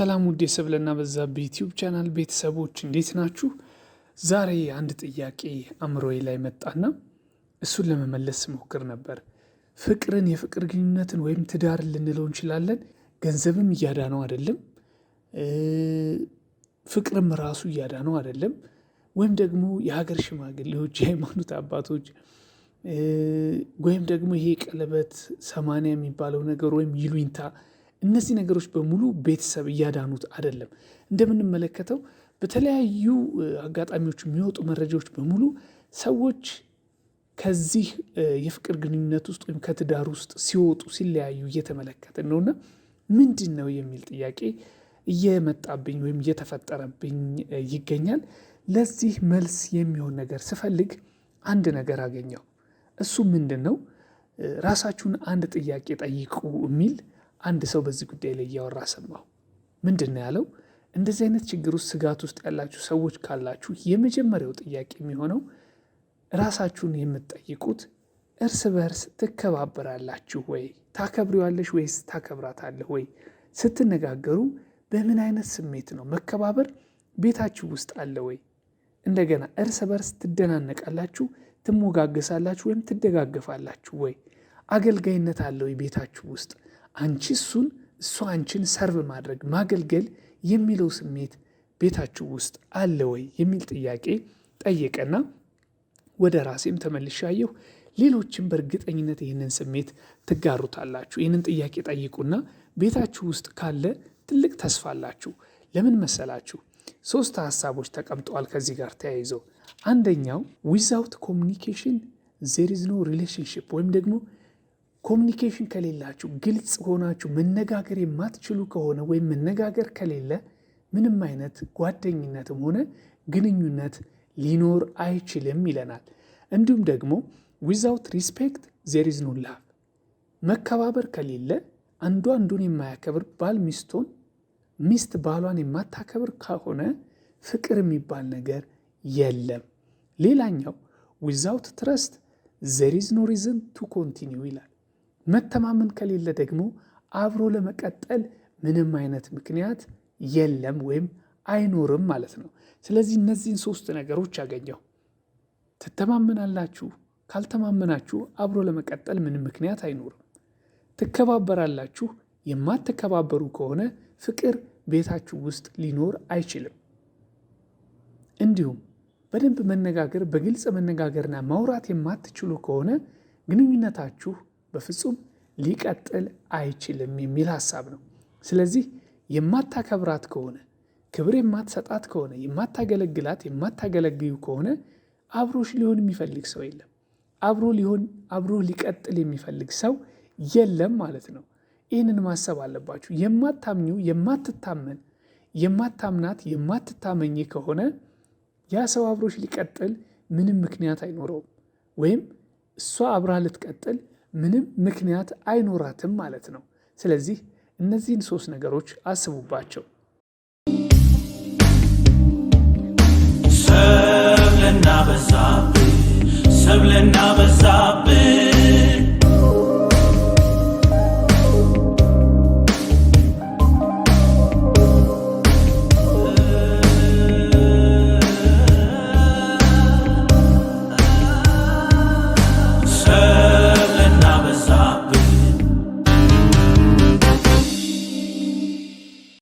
ሰላም ውድ የሰብለና በዛብህ ዩቲዩብ ቻናል ቤተሰቦች እንዴት ናችሁ? ዛሬ አንድ ጥያቄ አእምሮዬ ላይ መጣና እሱን ለመመለስ ሞክር ነበር። ፍቅርን፣ የፍቅር ግንኙነትን ወይም ትዳርን ልንለው እንችላለን። ገንዘብም እያዳነው አይደለም፣ ፍቅርም ራሱ እያዳነው አይደለም። ወይም ደግሞ የሀገር ሽማግሌዎች፣ የሃይማኖት አባቶች ወይም ደግሞ ይሄ ቀለበት ሰማንያ የሚባለው ነገር ወይም ይሉኝታ እነዚህ ነገሮች በሙሉ ቤተሰብ እያዳኑት አይደለም። እንደምንመለከተው በተለያዩ አጋጣሚዎች የሚወጡ መረጃዎች በሙሉ ሰዎች ከዚህ የፍቅር ግንኙነት ውስጥ ወይም ከትዳር ውስጥ ሲወጡ ሲለያዩ እየተመለከትን ነውና ምንድን ነው የሚል ጥያቄ እየመጣብኝ ወይም እየተፈጠረብኝ ይገኛል። ለዚህ መልስ የሚሆን ነገር ስፈልግ አንድ ነገር አገኘው። እሱ ምንድን ነው? ራሳችሁን አንድ ጥያቄ ጠይቁ የሚል አንድ ሰው በዚህ ጉዳይ ላይ እያወራ ሰማሁ። ምንድን ነው ያለው? እንደዚህ አይነት ችግር ውስጥ ስጋት ውስጥ ያላችሁ ሰዎች ካላችሁ የመጀመሪያው ጥያቄ የሚሆነው ራሳችሁን የምትጠይቁት እርስ በርስ ትከባበራላችሁ ወይ? ታከብሪዋለሽ ወይስ ታከብራታለህ ወይ? ስትነጋገሩ በምን አይነት ስሜት ነው? መከባበር ቤታችሁ ውስጥ አለ ወይ? እንደገና እርስ በርስ ትደናነቃላችሁ፣ ትሞጋገሳላችሁ ወይም ትደጋገፋላችሁ ወይ? አገልጋይነት አለ ወይ ቤታችሁ ውስጥ? አንቺ እሱን እሱ አንቺን ሰርቭ ማድረግ ማገልገል የሚለው ስሜት ቤታችሁ ውስጥ አለ ወይ የሚል ጥያቄ ጠየቀና ወደ ራሴም ተመልሻየሁ። ሌሎችም በእርግጠኝነት ይህንን ስሜት ትጋሩታላችሁ። ይህንን ጥያቄ ጠይቁና ቤታችሁ ውስጥ ካለ ትልቅ ተስፋ አላችሁ። ለምን መሰላችሁ? ሶስት ሀሳቦች ተቀምጠዋል ከዚህ ጋር ተያይዘው አንደኛው ዊዛውት ኮሚኒኬሽን ዜር ኢዝ ኖ ሪሌሽንሽፕ ወይም ደግሞ ኮሚኒኬሽን ከሌላችሁ ግልጽ ሆናችሁ መነጋገር የማትችሉ ከሆነ ወይም መነጋገር ከሌለ ምንም አይነት ጓደኝነትም ሆነ ግንኙነት ሊኖር አይችልም ይለናል። እንዲሁም ደግሞ ዊዛውት ሪስፔክት ዜር ኢዝ ኖ ላቭ፣ መከባበር ከሌለ አንዱ አንዱን የማያከብር ባል ሚስቱን፣ ሚስት ባሏን የማታከብር ከሆነ ፍቅር የሚባል ነገር የለም። ሌላኛው ዊዛውት ትረስት ዜር ኢዝ ኖ ሪዝን ቱ ኮንቲኒው ይላል። መተማመን ከሌለ ደግሞ አብሮ ለመቀጠል ምንም አይነት ምክንያት የለም ወይም አይኖርም ማለት ነው። ስለዚህ እነዚህን ሶስት ነገሮች ያገኘው ትተማመናላችሁ። ካልተማመናችሁ አብሮ ለመቀጠል ምንም ምክንያት አይኖርም። ትከባበራላችሁ። የማትከባበሩ ከሆነ ፍቅር ቤታችሁ ውስጥ ሊኖር አይችልም። እንዲሁም በደንብ መነጋገር፣ በግልጽ መነጋገርና ማውራት የማትችሉ ከሆነ ግንኙነታችሁ በፍጹም ሊቀጥል አይችልም የሚል ሀሳብ ነው። ስለዚህ የማታከብራት ከሆነ ክብር የማትሰጣት ከሆነ የማታገለግላት የማታገለግዩ ከሆነ አብሮሽ ሊሆን የሚፈልግ ሰው የለም። አብሮ ሊሆን አብሮ ሊቀጥል የሚፈልግ ሰው የለም ማለት ነው። ይህንን ማሰብ አለባችሁ። የማታምኙ የማትታመን የማታምናት የማትታመኝ ከሆነ ያ ሰው አብሮሽ ሊቀጥል ምንም ምክንያት አይኖረውም። ወይም እሷ አብራ ልትቀጥል ምንም ምክንያት አይኖራትም ማለት ነው። ስለዚህ እነዚህን ሶስት ነገሮች አስቡባቸው።